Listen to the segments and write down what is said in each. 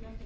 για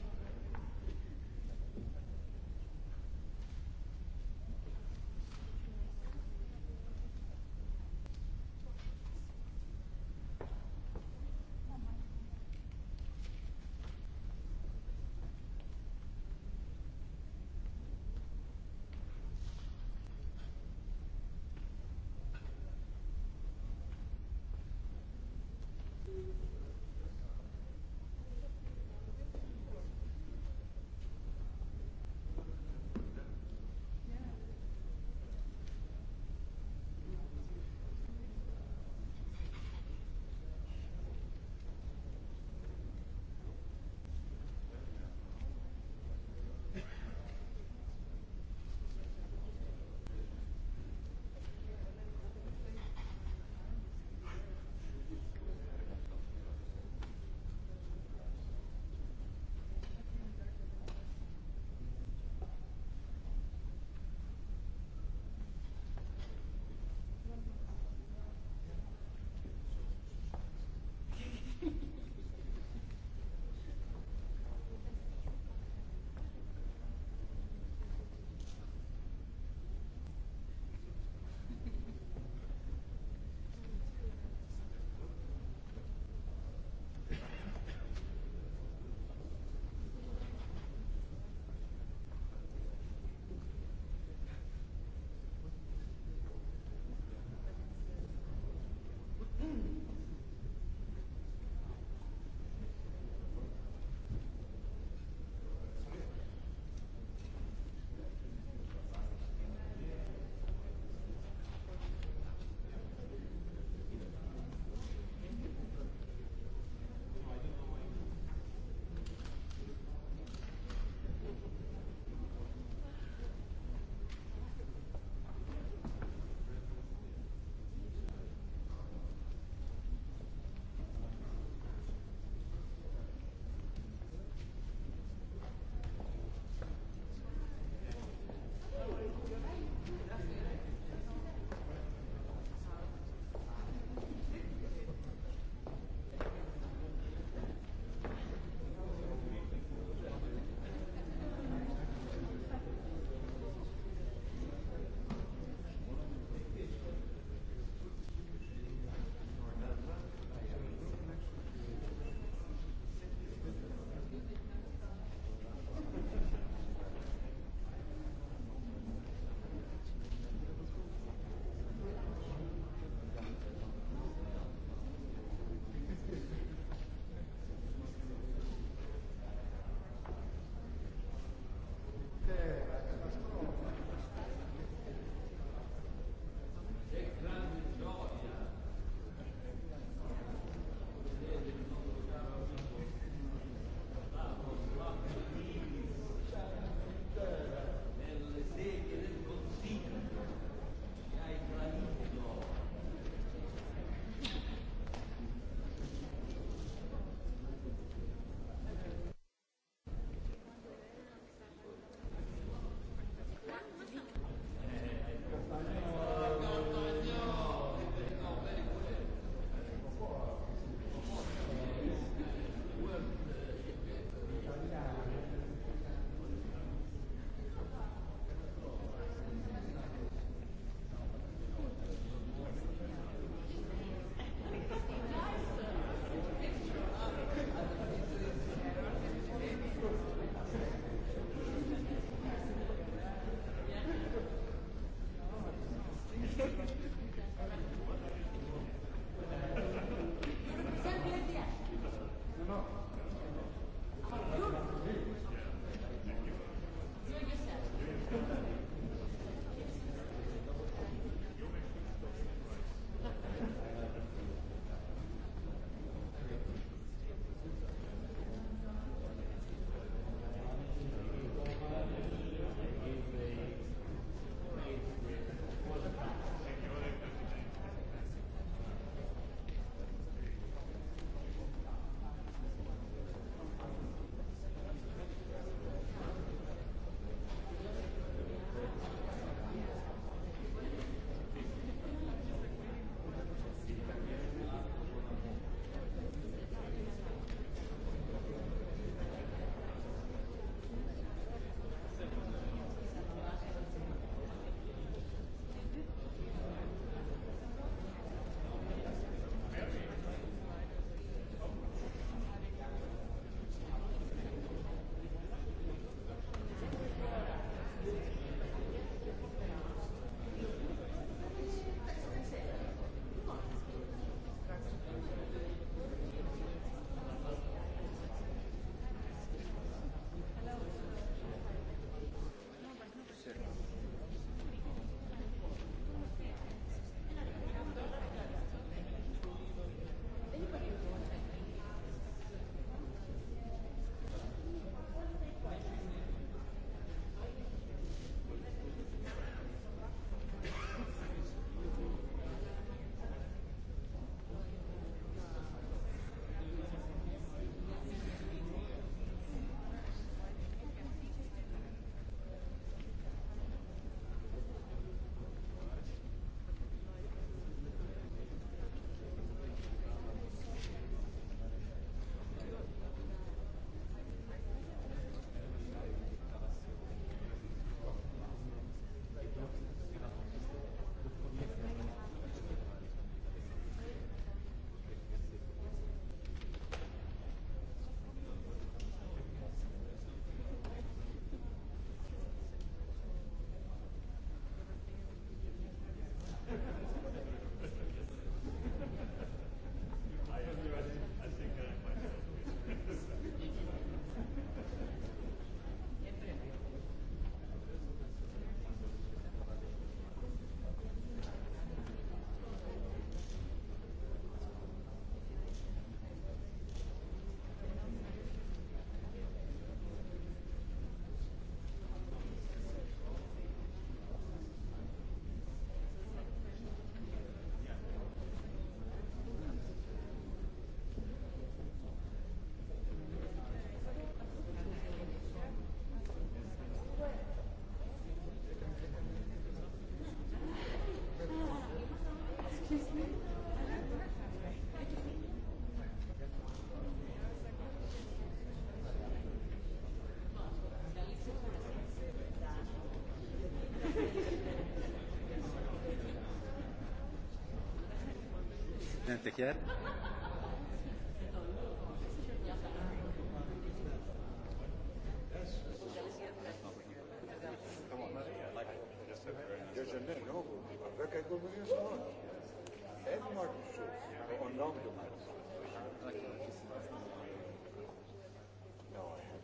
No, I have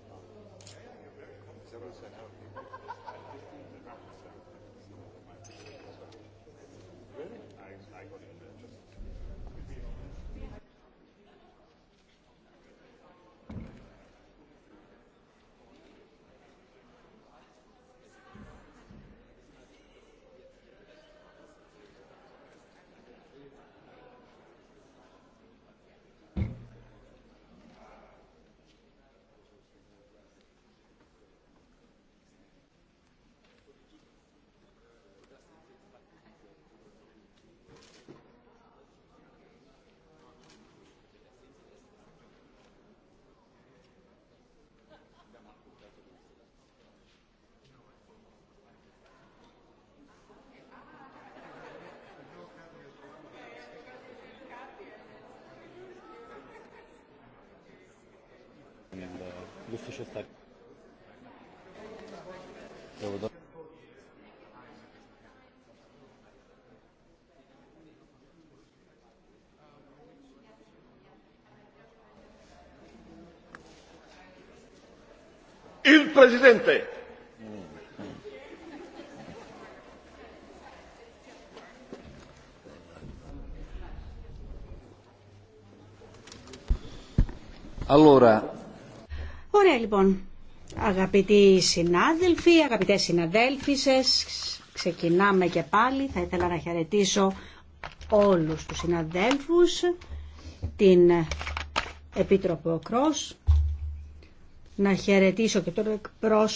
not. Il Presidente. Allora, ναι, λοιπόν, αγαπητοί συνάδελφοι, αγαπητές συναδέλφισες, ξεκινάμε και πάλι. Θα ήθελα να χαιρετήσω όλους τους συναδέλφους, την Επίτροπο Κρός, να χαιρετήσω και τον εκπρόσωπο